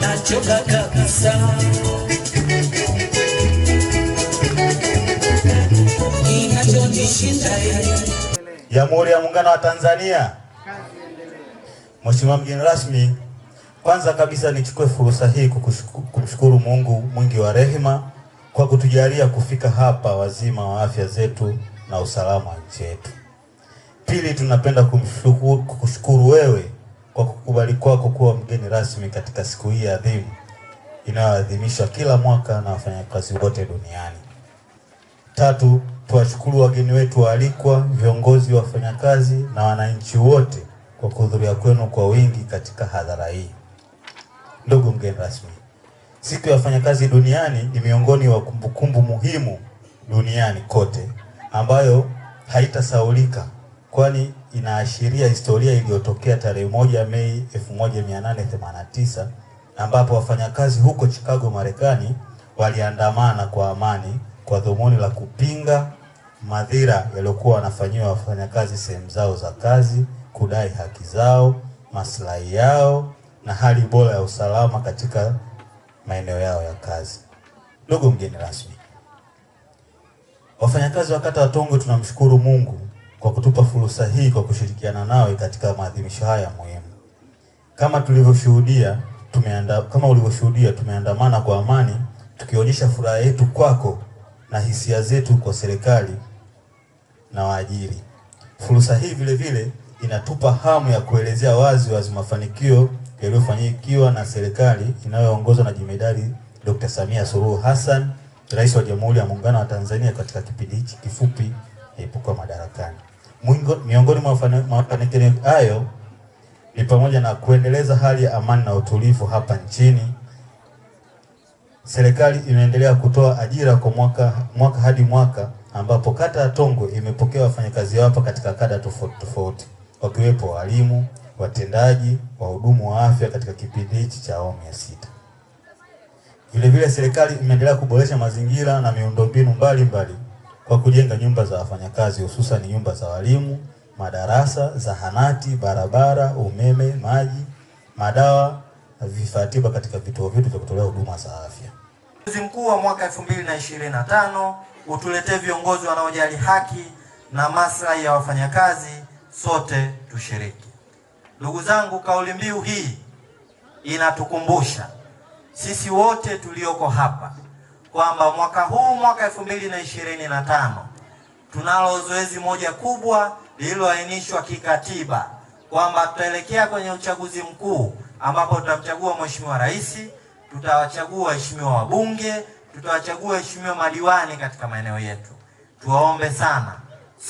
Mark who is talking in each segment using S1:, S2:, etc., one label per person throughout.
S1: nachoka kabisa. Jamhuri ya Muungano wa Tanzania. Mheshimiwa mgeni rasmi, kwanza kabisa nichukue fursa hii kumshukuru Mungu mwingi wa rehema kwa kutujalia kufika hapa wazima wa afya zetu na usalama wa nchi yetu. Pili, tunapenda kumshukuru kukushukuru wewe kwa kukubali kwako kuwa mgeni rasmi katika siku hii adhimu inayoadhimishwa kila mwaka na wafanyakazi wote duniani. Tatu, tuwashukuru wageni wetu waalikwa, viongozi wa wafanyakazi na wananchi wote kwa kuhudhuria kwenu kwa wingi katika hadhara hii. Ndugu mgeni rasmi, siku ya wafanyakazi duniani ni miongoni wa kumbukumbu muhimu duniani kote ambayo haitasaulika kwani inaashiria historia iliyotokea tarehe moja Mei 1889 ambapo wafanyakazi huko Chicago, Marekani waliandamana kwa amani kwa dhumuni la kupinga madhira yaliyokuwa wanafanyiwa wafanyakazi sehemu zao za kazi, kudai haki zao, maslahi yao na hali bora ya usalama katika maeneo yao ya kazi. Ndugu mgeni rasmi, wafanyakazi wa kata ya Tongwe tunamshukuru Mungu kwa kutupa fursa hii kwa kushirikiana nawe katika maadhimisho haya muhimu. Kama tulivyoshuhudia tumeanda, kama ulivyoshuhudia tumeandamana kwa amani tukionyesha furaha yetu kwako na hisia zetu kwa serikali na waajiri. Fursa hii vile vile inatupa hamu ya kuelezea wazi wazi mafanikio yaliyofanyikiwa na serikali inayoongozwa na Jemedari Dr. Samia Suluhu Hassan, Rais wa Jamhuri ya Muungano wa Tanzania katika kipindi hiki kifupi Miongoni mwa mafanikio hayo ni pamoja na kuendeleza hali ya amani na utulivu hapa nchini. Serikali imeendelea kutoa ajira kwa mwaka, mwaka hadi mwaka ambapo kata ya Tongwe imepokea wafanyakazi wapya katika kada tofauti tofauti wakiwepo walimu, watendaji, wahudumu wa afya katika kipindi hichi cha awamu ya sita. Vilevile serikali imeendelea kuboresha mazingira na miundombinu mbalimbali kwa kujenga nyumba za wafanyakazi hususan nyumba za walimu, madarasa, zahanati, barabara, umeme, maji, madawa, vifaa tiba katika vituo vyetu vya kutolea huduma za afya.
S2: Mwezi mkuu wa mwaka 2025 utuletee viongozi wanaojali haki na maslahi ya wafanyakazi, sote tushiriki. Ndugu zangu, kauli mbiu hii inatukumbusha sisi wote tulioko hapa kwamba mwaka huu mwaka elfu mbili na ishirini na tano tunalo zoezi moja kubwa lililoainishwa kikatiba kwamba tutaelekea kwenye uchaguzi mkuu ambapo tutamchagua mheshimiwa rais, tutawachagua waheshimiwa wabunge, tutawachagua waheshimiwa madiwani katika maeneo yetu. Tuwaombe sana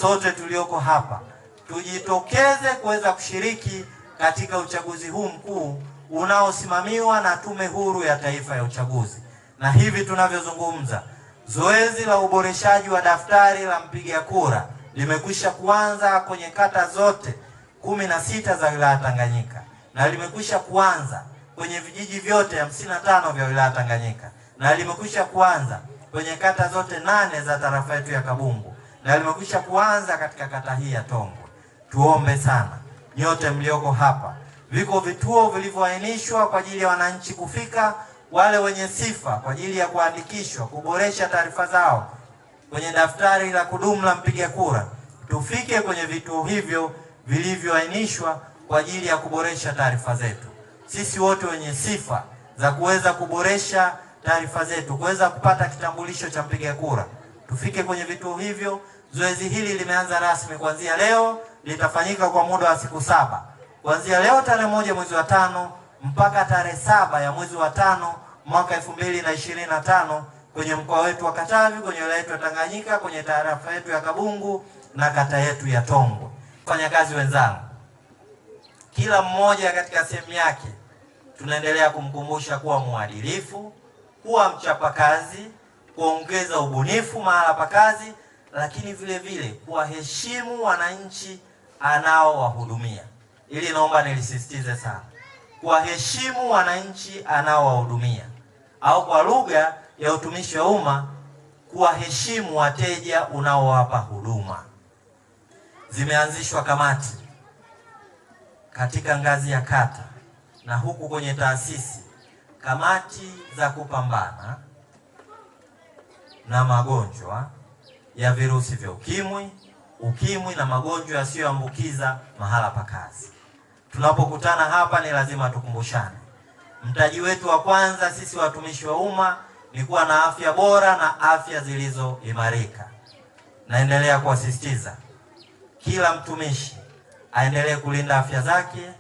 S2: sote tulioko hapa tujitokeze kuweza kushiriki katika uchaguzi huu mkuu unaosimamiwa na Tume Huru ya Taifa ya Uchaguzi na hivi tunavyozungumza, zoezi la uboreshaji wa daftari la mpiga kura limekwisha kuanza kwenye kata zote kumi na sita za wilaya Tanganyika na limekwisha kuanza kwenye vijiji vyote hamsini na tano vya wilaya Tanganyika na limekwisha kuanza kwenye kata zote nane za tarafa yetu ya Kabungu na limekwisha kuanza katika kata hii ya Tongwe. Tuombe sana nyote mlioko hapa, viko vituo vilivyoainishwa kwa ajili ya wananchi kufika wale wenye sifa kwa ajili ya kuandikishwa kuboresha taarifa zao kwenye daftari la kudumu la mpiga kura, tufike kwenye vituo hivyo vilivyoainishwa kwa ajili ya kuboresha taarifa zetu. Sisi wote wenye sifa za kuweza kuboresha taarifa zetu, kuweza kupata kitambulisho cha mpiga kura, tufike kwenye vituo hivyo. Zoezi hili limeanza rasmi kuanzia leo, litafanyika kwa muda wa siku saba kuanzia leo tarehe moja mwezi wa tano mpaka tarehe saba ya mwezi wa tano mwaka elfu mbili na ishirini na tano kwenye mkoa wetu wa Katavi, kwenye wilaya yetu ya Tanganyika, kwenye tarafa yetu ya Kabungu na kata yetu ya Tongwe. Wafanyakazi wenzangu, kila mmoja katika sehemu yake, tunaendelea kumkumbusha kuwa mwadilifu, kuwa mchapakazi, kuongeza ubunifu mahala pa kazi, lakini vile vile kuwaheshimu wananchi anaowahudumia. Ili naomba nilisisitize sana kuwaheshimu wananchi anaowahudumia, au kwa lugha ya utumishi wa umma, kuwaheshimu wateja unaowapa huduma. Zimeanzishwa kamati katika ngazi ya kata na huku kwenye taasisi, kamati za kupambana na magonjwa ya virusi vya ukimwi, ukimwi na magonjwa yasiyoambukiza mahala pa kazi tunapokutana hapa ni lazima tukumbushane. Mtaji wetu wa kwanza sisi watumishi wa umma ni kuwa na afya bora na afya zilizoimarika. Naendelea kuwasisitiza kila mtumishi aendelee kulinda afya zake,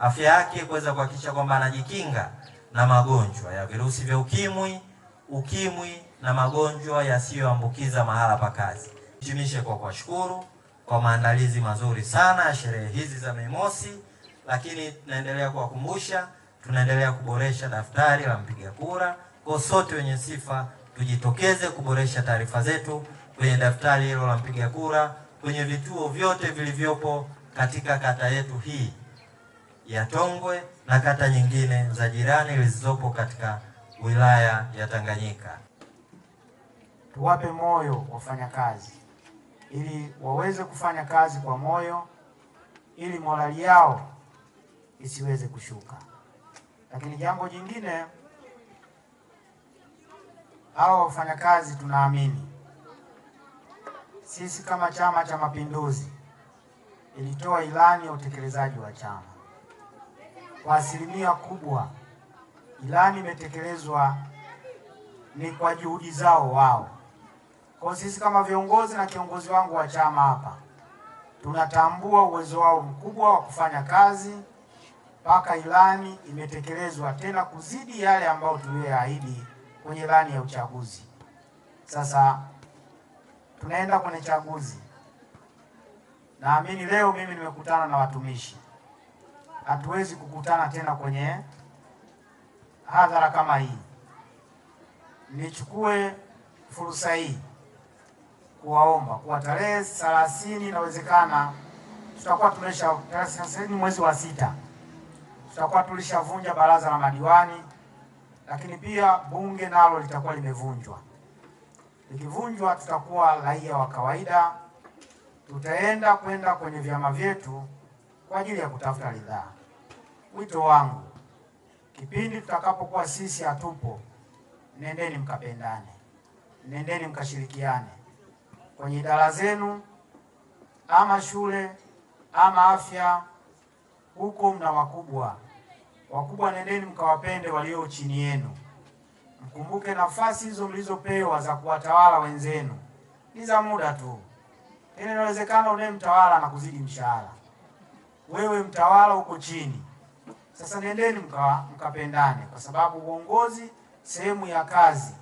S2: afya yake, kuweza kuhakikisha kwamba anajikinga na magonjwa ya virusi vya ukimwi, ukimwi na magonjwa yasiyoambukiza mahala pa kazi. Hitimishe kwa kuwashukuru kwa maandalizi mazuri sana ya sherehe hizi za Mei Mosi lakini tunaendelea kuwakumbusha, tunaendelea kuboresha daftari la mpiga kura. Kwa sote wenye sifa tujitokeze kuboresha taarifa zetu kwenye daftari hilo la mpiga kura kwenye vituo vyote vilivyopo katika kata yetu hii ya Tongwe na kata nyingine za jirani zilizopo katika wilaya ya Tanganyika.
S3: Tuwape moyo wafanyakazi ili waweze kufanya kazi kwa moyo ili morali yao isiweze kushuka. Lakini jambo jingine, hawa wafanyakazi tunaamini sisi kama Chama cha Mapinduzi ilitoa ilani ya utekelezaji wa chama kwa asilimia kubwa, ilani imetekelezwa ni kwa juhudi zao wao. Kwa sisi kama viongozi na kiongozi wangu wa chama hapa tunatambua uwezo wao mkubwa wa kufanya kazi mpaka ilani imetekelezwa tena kuzidi yale ambayo tuliyoahidi kwenye ilani ya uchaguzi. Sasa tunaenda kwenye chaguzi. Naamini leo mimi nimekutana na watumishi, hatuwezi kukutana tena kwenye hadhara kama hii. Nichukue fursa hii kuwaomba kuwa tarehe thelathini, inawezekana tutakuwa tumesha tarehe thelathini mwezi wa sita tutakuwa tulishavunja baraza la madiwani, lakini pia bunge nalo litakuwa limevunjwa. Likivunjwa tutakuwa raia wa kawaida, tutaenda kwenda kwenye vyama vyetu kwa ajili ya kutafuta ridhaa. Wito wangu kipindi tutakapokuwa sisi hatupo, nendeni mkapendane, nendeni mkashirikiane kwenye idara zenu, ama shule ama afya, huko mna wakubwa. Wakubwa, nendeni mkawapende walio chini yenu, mkumbuke nafasi hizo mlizopewa za kuwatawala wenzenu ni za muda tu, tena inawezekana mtawala na kuzidi mshahara. Wewe mtawala uko chini. Sasa nendeni mka, mkapendane, kwa sababu uongozi sehemu ya kazi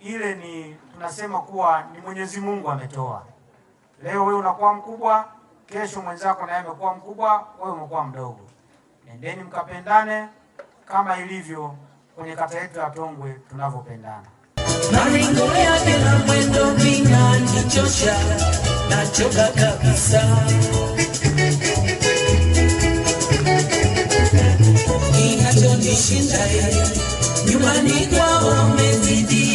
S3: ile ni tunasema kuwa ni Mwenyezi Mungu ametoa. Leo wewe unakuwa mkubwa, kesho mwenzako naye amekuwa mkubwa, wewe umekuwa mdogo. Endeni mkapendane kama ilivyo kwenye kata yetu ya Tongwe tunavyopendana. Maringo yake na mwendo vinanichosha, nachoka kabisa. Kinachonishinda nyumbani kwao wamezidi